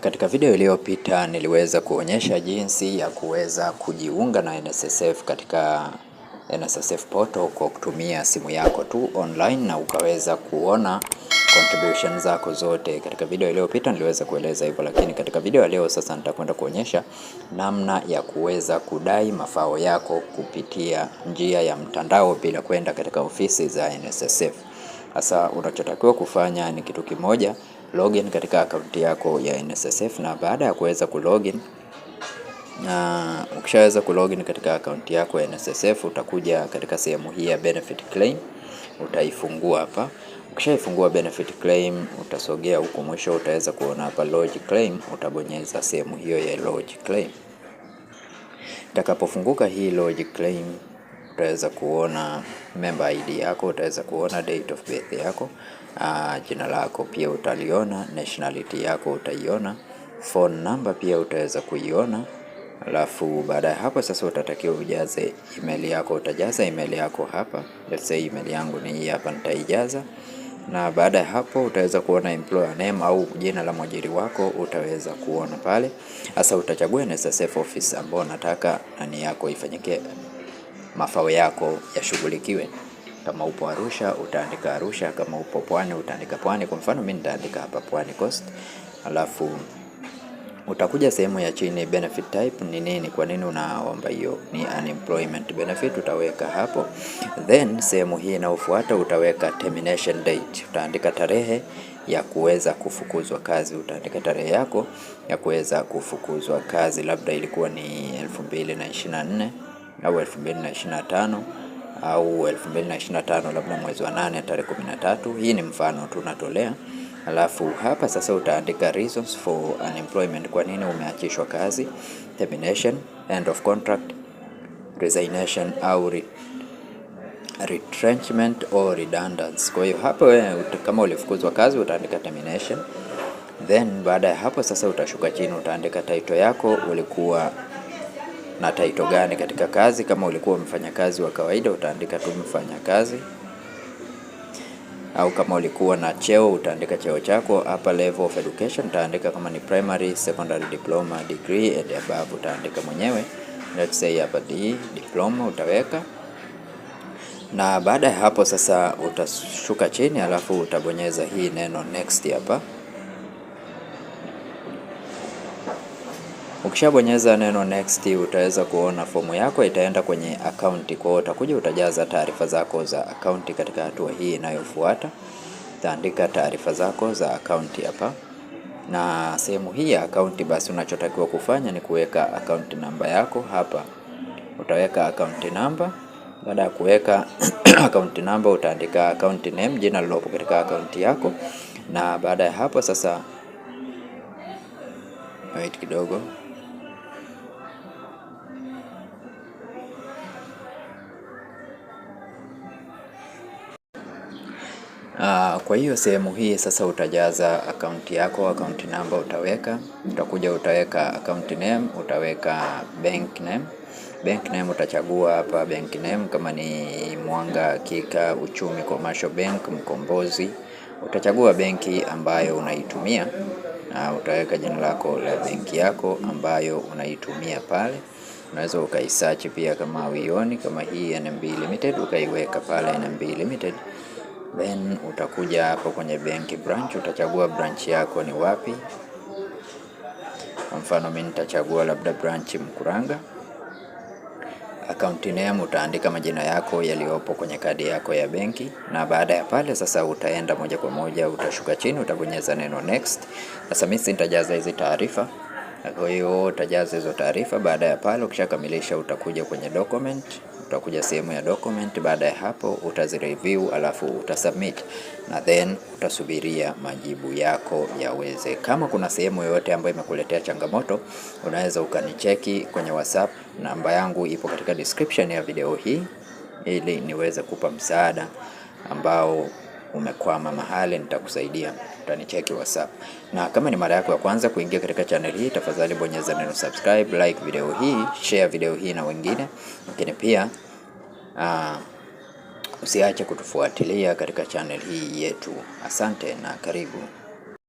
katika video iliyopita niliweza kuonyesha jinsi ya kuweza kujiunga na NSSF katika NSSF portal kwa kutumia simu yako tu online na ukaweza kuona contribution zako zote. Katika video iliyopita niliweza kueleza hivyo, lakini katika video ya leo sasa nitakwenda kuonyesha namna ya kuweza kudai mafao yako kupitia njia ya mtandao bila kwenda katika ofisi za NSSF. Sasa unachotakiwa kufanya ni kitu kimoja login katika akaunti yako ya NSSF, na baada ya kuweza kulogin na ukishaweza kulogin katika akaunti yako ya NSSF utakuja katika sehemu hii ya benefit claim, utaifungua hapa. Ukishaifungua benefit claim, utasogea huko mwisho, utaweza kuona hapa lodge claim, utabonyeza sehemu hiyo ya lodge claim. Itakapofunguka hii lodge claim utaweza kuona member ID yako, utaweza kuona date of birth yako, uh, jina lako pia utaliona, nationality yako utaiona, phone number pia utaweza kuiona. Alafu baada ya hapo sasa utatakiwa ujaze email yako, utajaza email yako hapa. Let's say email yangu ni hii hapa, nitaijaza na baada ya hapo utaweza kuona employer name au jina la mwajiri wako, utaweza kuona pale. Sasa utachagua NSSF office ambayo unataka nani yako ifanyike mafao yako yashughulikiwe. Kama upo Arusha utaandika Arusha, kama upo Pwani utaandika Pwani. Kwa mfano mimi nitaandika hapa Pwani Coast, alafu utakuja sehemu ya chini, benefit type ni nini, kwa nini unaomba hiyo ni unemployment benefit, utaweka hapo. Then sehemu hii inayofuata utaweka termination date, utaandika tarehe ya kuweza kufukuzwa kazi, utaandika tarehe yako ya kuweza kufukuzwa kazi, labda ilikuwa ni elfu mbili na ishirini na nne au 2025 au 2025 labda mwezi wa nane tarehe 13. Hii ni mfano tu natolea. Alafu hapa sasa utaandika reasons for unemployment, kwa nini umeachishwa kazi, termination, end of contract, resignation au re retrenchment or redundancy. Kwa hiyo hapo wewe kama ulifukuzwa kazi utaandika termination, then baada ya hapo sasa utashuka chini utaandika title yako ulikuwa na taito gani katika kazi. Kama ulikuwa mfanyakazi wa kawaida utaandika tu mfanyakazi, au kama ulikuwa na cheo utaandika cheo chako. Upper level of education utaandika kama ni primary, secondary, diploma, degree and above utaandika mwenyewe. Let's say hapa D diploma utaweka, na baada ya hapo sasa utashuka chini, alafu utabonyeza hii neno next hapa. Ukishabonyeza neno next, utaweza kuona fomu yako itaenda kwenye akaunti. Kwa hiyo utakuja utajaza taarifa zako za akaunti katika hatua hii inayofuata. Utaandika taarifa zako za akaunti hapa, na sehemu hii ya akaunti, basi unachotakiwa kufanya ni kuweka akaunti namba yako hapa. Utaweka akaunti namba. Baada ya kuweka akaunti namba, utaandika account name, jina lilopo katika akaunti yako, na baada ya hapo sasa, wait kidogo. Uh, kwa hiyo sehemu hii sasa utajaza akaunti yako, akaunti namba utaweka, utakuja utaweka account name, utaweka bank name. Bank name utachagua hapa bank name, kama ni Mwanga Hakika, Uchumi Commercial Bank, Mkombozi, utachagua benki ambayo unaitumia na utaweka jina lako la benki yako ambayo unaitumia pale. Unaweza ukaisearch pia kama uioni, kama hii NMB Limited ukaiweka pale NMB Limited. Then utakuja hapo kwenye bank branch, utachagua branch yako ni wapi. Kwa mfano mimi nitachagua labda branch Mkuranga. Account name utaandika majina yako yaliyopo kwenye kadi yako ya benki, na baada ya pale sasa utaenda moja kwa moja, utashuka chini, utabonyeza neno next. Sasa mimi nitajaza hizi taarifa, kwa hiyo utajaza hizo taarifa. Baada ya pale, ukishakamilisha utakuja kwenye document utakuja sehemu ya document. Baada ya hapo utazireview, alafu utasubmit na then utasubiria majibu yako yaweze. Kama kuna sehemu yoyote ambayo imekuletea changamoto, unaweza ukanicheki kwenye WhatsApp. Namba yangu ipo katika description ya video hii, ili niweze kupa msaada ambao umekwama mahali, nitakusaidia, utanicheki WhatsApp. Na kama ni mara yako ya kwanza kuingia katika channel hii, tafadhali bonyeza neno subscribe, like video hii, share video hii na wengine, lakini pia uh, usiache kutufuatilia katika channel hii yetu. Asante na karibu.